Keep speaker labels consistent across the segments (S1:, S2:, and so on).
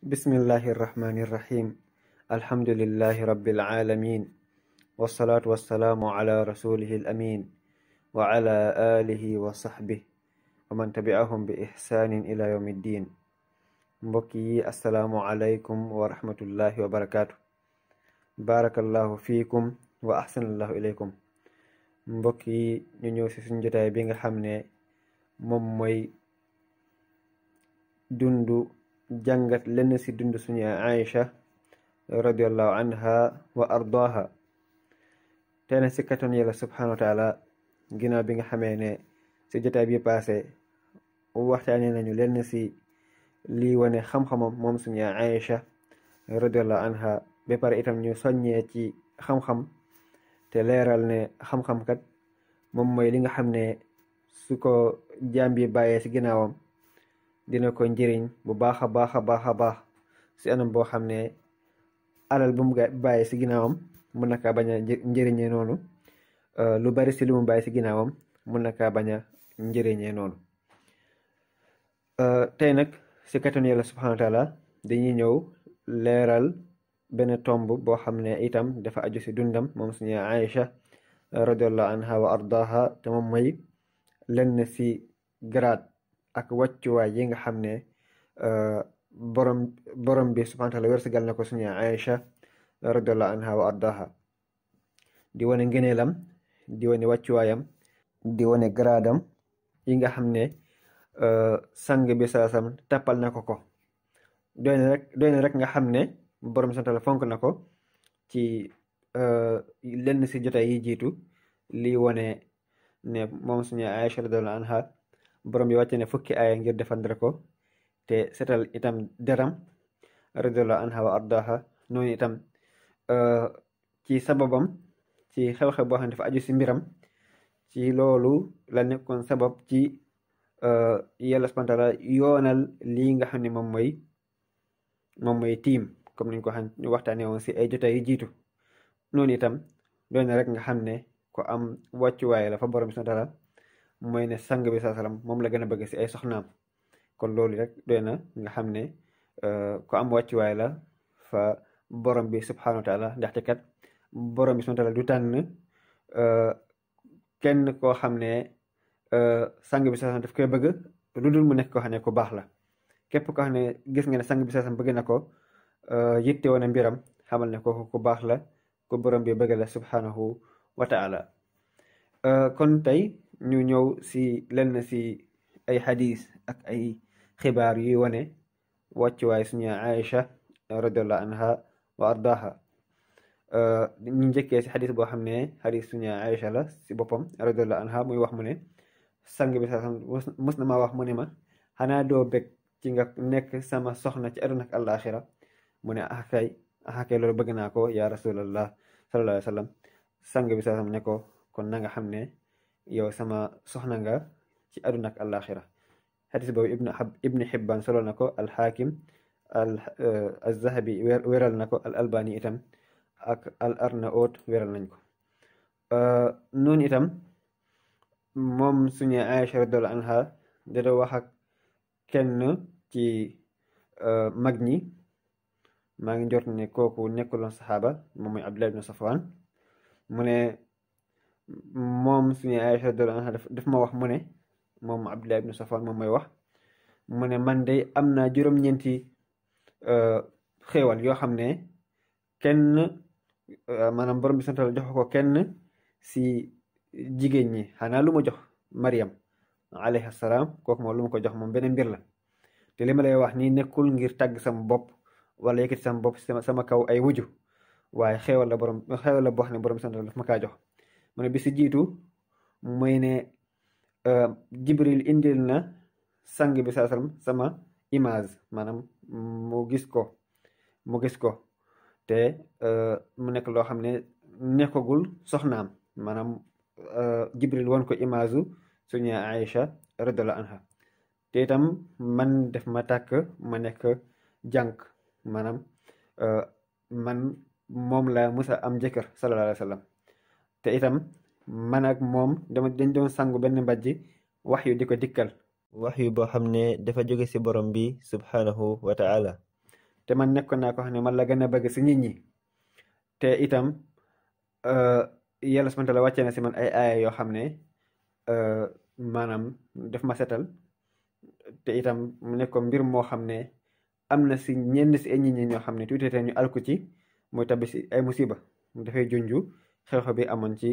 S1: bismillahi irrahmani irrahim alhamdulillahi rabbil alamin wasalaatu wasalaamu ala rasulihi alamin wa ala alihi wa sahbihi wa man tabi'ahum bi ihsanin ila yawmi ddin mbokk yi assalaamu alaykum wa rahmatullahi wa barakaatu barakallahu fiikum wa ahsanallahu ilaykum mbokk yi ñu ñëw si suñu jotaay bi nga xam ne moom mooy dundu jàngat lenn si dund suñu Aïcha radiallahu anha wa ardaha tey na si kattan yàlla subhanahu bi nga xamee ne si jotaay bi passé waxtaanee nañu lenn si lii wane xam-xamam moom suñu Aïcha radiallahu anha ba pare itam ñu soññee ci xam-xam te leeral ne xam-xam kat moom mooy li nga xam ne su ko jaam bi bàyyee ci ginnaawam dina ko njëriñ bu baax a baax a baax a baax si anam boo xam ne alal bu mu bàyyi si ginnaawam mun na kaa bañ a noonu euh, lu bari si li mu bàyyi si ginnaawam mun na kaa bañ njëriñee noonu euh, tey nag si kattan yàlla subhanahu wa dañuy ñëw leeral benn tomb boo xam ne itam dafa ajo si dundam moom suñu Aïcha radiallahu anha wa ardaha te moom mooy lenn si grade ak wàccuwaay yi nga xam ne euh, borom borom bi subhaanahu wa taala wërsigal na ko suñu Aïcha radiyallahu anha wa ardaha di wane ngëneelam di wane wàccuwaayam di wane garaadam yi nga xam ne euh, sang bi saasam tappal na ko ko doy na rek nga xam ne borom santala fonk na ko ci euh, lenn si jotaay yi jiitu lii wane ne moom suñu Aïcha radiyallahu borom bi wàcce ne fukki aaya ngir defandre ko te setal itam deram radiyallahu anha wa ardaha noonu itam euh, ci sababam ci xew-xew boo xam ne dafa aju si mbiram ci loolu la nekkoon sabab ci euh, yàlla subhanahu wa taala yoonal lii nga xam ne moom mooy moom mooy tiim comme niñ ko xam waxtaanee woon si ay jotaay yu jiitu noonu itam doon na rek nga xam ne ko am wàccuwaay la fa borom bi subhanahu mooy ne sang bi saa moom la gën a bëgg si ay soxnaam kon loolu rek doy na nga xam ne euh, ku am wàccuwaay la fa borom bi subhanahu wa taala ndaxte kat borom bi subhanahu wa tànn euh, kenn koo xam ne euh, sang bi saa daf koy bëgg lu dul mu nekk koo xam ne ku baax la képp koo xam ne gis nga ne sang bi saa bëgg na ko yitte woon a xamal ne kooku ku baax la ku borom bi bëgg la subhanahu wa taala kon tey ñu ñëw si lenn si ay xadis ak ay xibaar yuy wane wàccuwaay suñu Aïcha radiallahu anha wa ardaha ñu njëkkee si xadis boo xam ne xadis suñu Aïcha la si boppam radiallahu anha muy wax mu ne sang bi sax na ma wax mu ne ma xanaa doo bég ci nga nekk sama soxna ci aduna ak àllaaxira mu ne axakay ah axakay ah loolu bëgg naa ko yaa rasulallah sallallahu alayhi bi sax ne ko kon na xam ne yow sama soxna nga ci àdduna ak àllaaxira xadis boobu ibnu ibnu solo na ko alxaakim al euh, zahabi na ko al itam ak al arnaout wéral nañ ko euh, noonu itam moom suñu aïcha radiyallahu anha dada wax ak kenn ci euh, mag ñi maa ngi njort ne kooku nekkuloon saxaaba moom mooy abdullah ibnu safwan mu ne moom suñu Aïcha doon wax daf ma wax mu ne moom Abdullah ibnu Safwan moom mooy wax mu ne man de am naa juróom-ñeenti euh, xéewal yoo xam ne kenn euh, maanaam borom bi santal jox ko kenn si jigéen ñi xanaa lu ma jox Mariam alayhi salaam kooku moom lu ko jox moom beneen mbir la te li ma lay wax nii nekkul ngir tàgg sama bopp wala yëkkati sama bopp sama kaw ay wuju waaye xéewal la borom xéewal la boo xam borom bi santal ma kaa jox mu bi si jiitu mooy ne euh, jibril indil na sang bi saa sallam sama image maanaam mu gis ko mu gis ko te euh, mu nekk loo xam ne nekkagul soxnaam maanaam euh, jibril woon ko image u suñu Aïcha radiyallahu anha te itam man def ma takk ma nekk jànk maanaam man moom la musa am jëkkër sallallahu alayhi te itam man ak moom dama dañ doon sangu benn mbàjj wax yu di ko dikkal wax yu boo xam ne dafa jóge si borom bi subhanahu wa ta'ala te man nekkoon naa ko xam ne man la gën a bëgg si nit ñi te itam euh, yàlla subhanahu wa ta'ala wàccee na si man ay aaya yoo xam ne euh, maanaam daf ma setal te itam mu nekkoon mbir moo xam ne am na si ñenn si ay nit ñi ñoo xam ne tutte te ñu alku ci muy tabbi si ay musiba dafay junju xew-xew bi amoon ci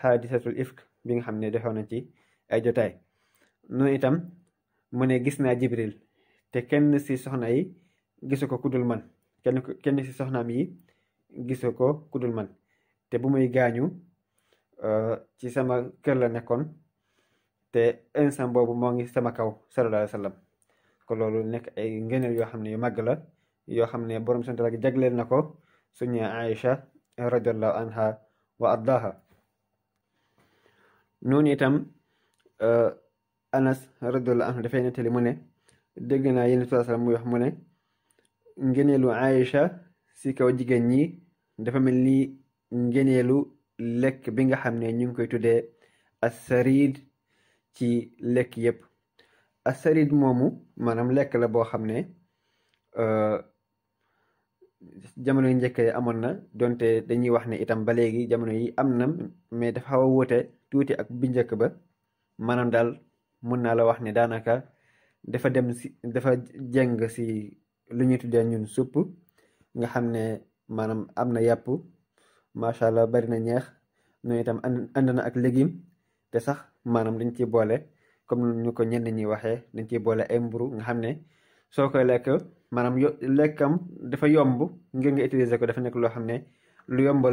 S1: xaadisatul ifk bi nga xam ne defoon na ci ay jotaay noon itam mu ne gis naa jibril te kenn si soxna yi gisu ko kudul man kenn kenn si soxnaam yi gisu ko kudul man te bu muy gaañu euh, ci sama kër la nekkoon te instant boobu moo ngi sama kaw sallallahu alayhi wa ko loolu nekk ay ngëneel yoo xam ne yu màgg la yoo xam ne borom sant la jagleel na ko suñu Aïcha radiyallahu anha wa addaha noonu itam euh, anas radiyallahu anhu dafay nettali mu ne dégg naa yéen sallallahu alayhi wasallam muy wax mu ne ngeneelu Aïcha si kaw jigéen ñi dafa mel ni ngeneelu lekk bi nga xam ne ñu ngi koy tuddee assarid ci lekk yépp assarid moomu maanaam lekk la boo xam ne euh, jamono yu njëkk amoon na donte dañuy wax ne itam ba léegi jamono yi am na mais dafa xaw a tuuti ak bu njëkk ba maanam daal mun naa la wax ne daanaka dafa dem si dafa jeng si lu ñuy tuddee ñun suppu nga xam ne maanaam am na yàpp macha allah bari na ñeex noonu itam ànd na ak légume te sax maanaam dañ ciy boole comme ñu ko ñenn ñi waxee dañ ciy boole ay mburu nga xam ne. soo koy lekk maanaam yo lekkam dafa yomb ngir nga utiliser ko dafa nekk loo xam ne lu yomb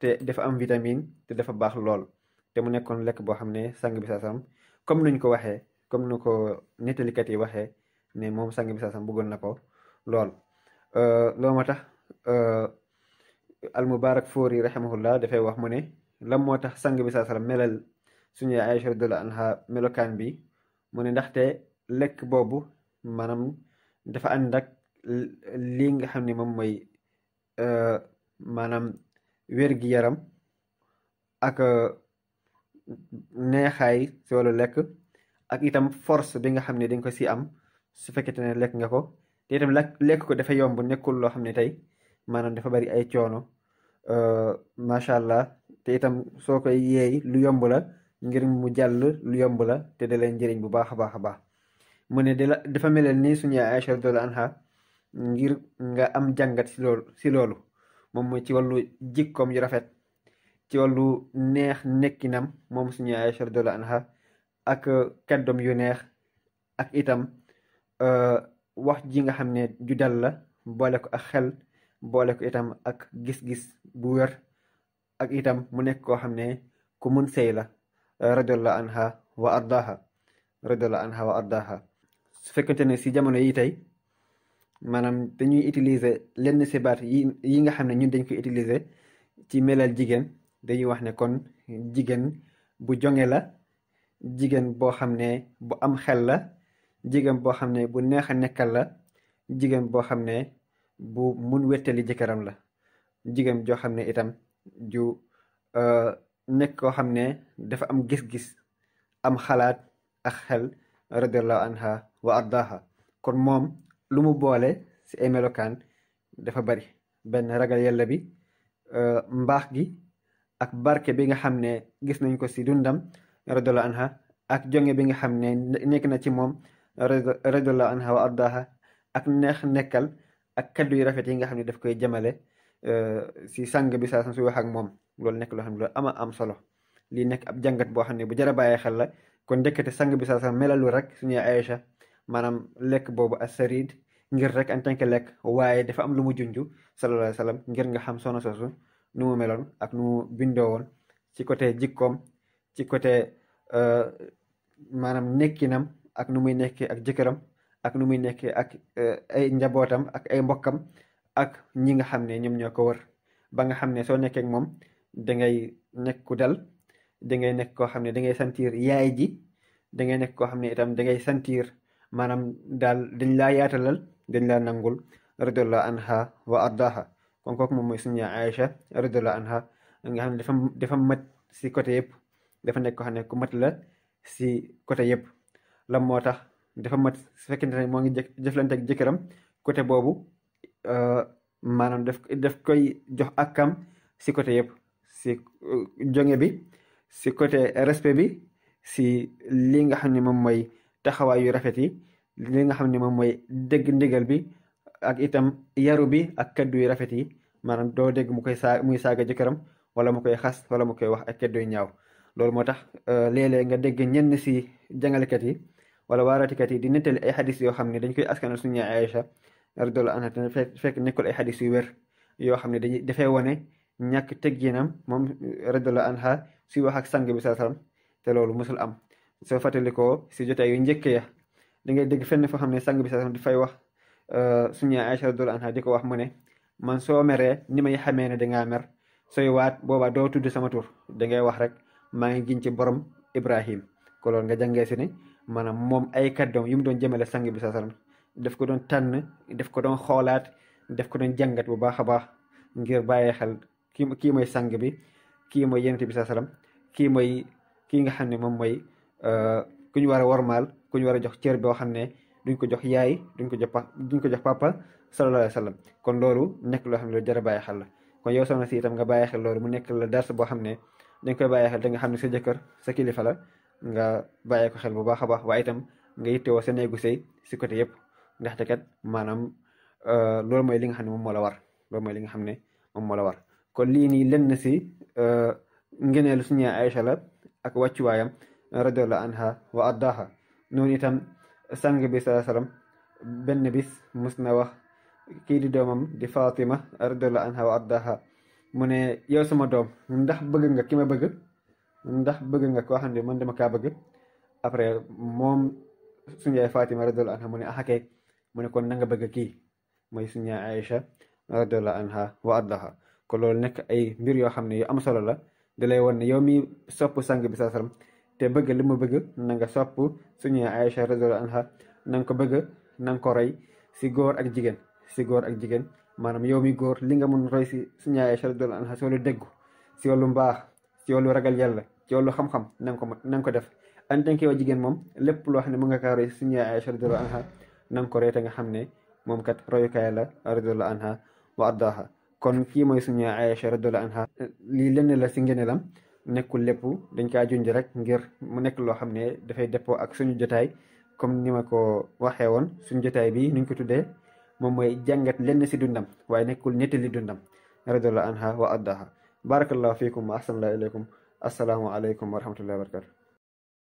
S1: te dafa am vitamine te dafa baax lool te mu nekkoon lekk boo xam ne sang bi saasam comme nuñ ko waxee comme nu ko nettalikat yi waxee ne moom sang bisa saasam bëggoon na ko lool euh, loolu moo tax euh, almubarak fóori rahimahullah dafay wax mu ne lan moo tax sang bi saasam melal suñu Aïcha radiyallahu anha melokaan bi mu ne ndaxte lekk boobu maanaam dafa ànd ak lii nga xam ne moom mooy euh, maanaam wér yaram ak euh, neexaay si wàllu lekk ak itam force bi nga xam ne dinga ko si am su fekkete ne lekk nga ko te itam lekk ko dafa yomb nekkul loo xam ne tey maanaam dafa bari ay coono euh, macha allah te itam soo koy yeey lu yomb la ngir mu jàll lu yomb la te da leen njëriñ bu baax a baax a baax mu ne dafa melal ni suñu yaay Aïcha radiyallahu anha ngir nga am jàngat si loolu si loolu moom mooy ci wàllu jikkoom yu rafet ci wàllu neex nekkinam moom suñu yaay Aïcha radiyallahu anha ak kàddoom yu neex ak itam euh, wax ji nga xam ne ju dal la boole ko ak xel boole ko itam ak gis-gis bu wér ak itam mu nekk koo xam ne ku mun sey la radiyallahu anha wa ardaha radiyallahu anha wa ardaha su fekkente ne si jamono yi tey maanaam dañuy utiliser lenn si baat yi yi nga xam ne ñun dañ koy utiliser ci melal jigéen dañuy wax ne kon jigéen bu jonge la jigéen boo xam ne bu am xel la jigéen boo xam ne bu neex a nekkal la jigéen boo xam ne bu mun wettali jëkkëram la jigéen joo xam ne itam ju euh, nekk koo xam ne dafa am gis-gis am xalaat ak xel radiallahu anha wa ardaha kon moom lu mu boole si ay melokaan dafa bari benn ragal yàlla bi euh, mbaax gi ak barke bi nga xam ne gis nañ ko si dundam an anha ak jonge bi nga xam ne nekk na ci moom radiyallahu anha wa ardaha ak neex nekkal ak kaddu yu rafet yi nga xam ne daf koy jëmale si euh, sàng bi saa su wax ak moom loolu nekk loo xam ne loolu am solo li nekk ab jàngat boo xam ne bu jar a bàyyi xel la kon ndekete sang bi saa sax melalu rek ay Aïcha maanaam lekk boobu asariid ngir rek en tant que lekk waaye dafa am lu mu junj sallallahu alayhi ngir nga xam soxna soosu nu mu meloon ak nu mu bindoo woon ci côté jikkoom ci côté euh, maanaam nekkinam ak nu muy nekkee ak jëkkëram ak nu muy nekkee ak euh, ay njabootam ak ay mbokkam ak ñi nga xam ne ñoom ñoo ko wër ba nga xam ne soo nekkee moom da ngay nekk dal da ngay nekk koo xam ne da ngay sentir yaay ji da ngay nekk koo xam ne itam da ngay sentir maanaam daal dañ laa yaatalal dañ laa nangul radiyallahu anha wa ardaha kon kooku moom mooy suñu Aïcha radiyallahu anha nga xam ne dafa dafa mat si côté yëpp dafa nekk koo xam ne ku mat la si côté yëpp la moo tax dafa mat su fekkente ne moo ngi jëflante ak jëkkëram côté boobu euh, maanaam def daf koy jox akkam si côté yëpp si euh, jonge bi si côté respe bi si li nga xam ne moom mooy taxawaay yu rafet yi li nga xam ne moom mooy dégg ndigal bi ak itam yaru bi ak kaddu yu rafet yi maanaam doo dégg mu koy saa muy saaga jëkkëram wala mu koy xas wala mu koy wax a kaddu yu ñaaw loolu moo tax euh, léeg-léeg nga dégg ñenn si jàngalekat yi wala waaratikat yi di nettali ay xadis yoo xam ne dañ koy askanal suñu yaay Aïcha radiyallahu anha fekk nekkul ay xadis yu wér yoo xam ne dañuy dafay wane ñàkk tegginam moom radiyallahu anha si wax ak sang bi sallallahu te loolu musul am soo fàttalikoo si jotaay yu njëkk ya li ngay dégg fenn foo xam ne sang bi sax dafay wax euh, suñu Aïcha radiyallahu anha di ko wax mu ne man soo meree ni may xamee ne dangaa mer sooy waat boobaa doo sama tur da ngay wax rek maa ngi giñ ci borom Ibrahim ko loolu nga jàngee si ne maanaam moom ay kàddoom yu mu doon jëmale sang bi sax daf ko doon tànn daf doon xoolaat daf ko doon jàngat bu baax a baax ngir bàyyi xel kii kii mooy sang bi kii mooy yonent bi sax kii mooy kii nga xam ne moom mooy. Euh, ku ñu war a wormaal ku ñu war a jox ceer boo xam ne duñ ko jox yaay duñ ko jox pa duñ ko jox papa sallallahu alayhi wa sallam kon loolu nekk loo xam ne lu jar a bàyyi xel la kon yow sa si itam nga bàyyi xel loolu mu nekk la dars boo xam ne dañ koy bàyyi xel da xam ne sa jëkkër sa kilifala nga bàyyi ko xel bu baax a baax waaye itam nga yittewoo sa néegu sëy si côté yëpp ndaxte kat maanaam euh, loolu mooy li nga xam ne moom moo la war loolu mooy li nga xam ne moom moo la war kon lii nii lenn si si euh, suñu Aïcha la ak wàccuwaayam radiallahu anha wa addaha noonu itam sang bi sallallahu benn bis mus na wax kii di doomam di Fatima radiallahu anha wa addaha mu ne yow sama doom ndax bëgg nga ki ma bëgg ndax bëgg nga koo xam ne man dama kaa bëgg après moom suñu yaay Fatima radiallahu anha mu ne axakee mu ne kon na nga bëgg kii mooy suñu yaay Aïcha anha wa addaha ko loolu nekk ay mbir yoo xam ne yu am solo la da lay won yow mi sopp sang bi sallallahu te bëgg li mu bëgg na nga sopp suñu Aïcha radiyallahu anha na nga ko bëgg na ko roy si góor ak jigéen si góor ak jigéen maanaam yow mi góor li nga mun roy si suñu Aïcha radiyallahu anha si wàllu déggu si wàllu mbaax si wàllu ragal yàlla ci wàllu xam-xam na ko na nga ko def en tant que jigéen moom lépp loo xam ne mu nga kaa roy suñu Aïcha radiyallahu anha na ko roy te nga xam ne moom kat royukaay la radiyallahu anha wa addaaha kon kii mooy suñu Aïcha radiyallahu anha lii lenn la si lam nekkul lépp dañ kaa junj rek ngir mu nekk loo xam ne dafay dëppoo ak suñu jotaay comme ni ma ko waxee woon suñu jotaay bi nuñ ko tuddee moom mooy jàngat lenn si dundam waaye nekkul nettali dundam radiyallahu anha wa addaha barakallahu fiikum wa ahsanallahu ilaykum assalaamu alaykum wa rahmatullahi wa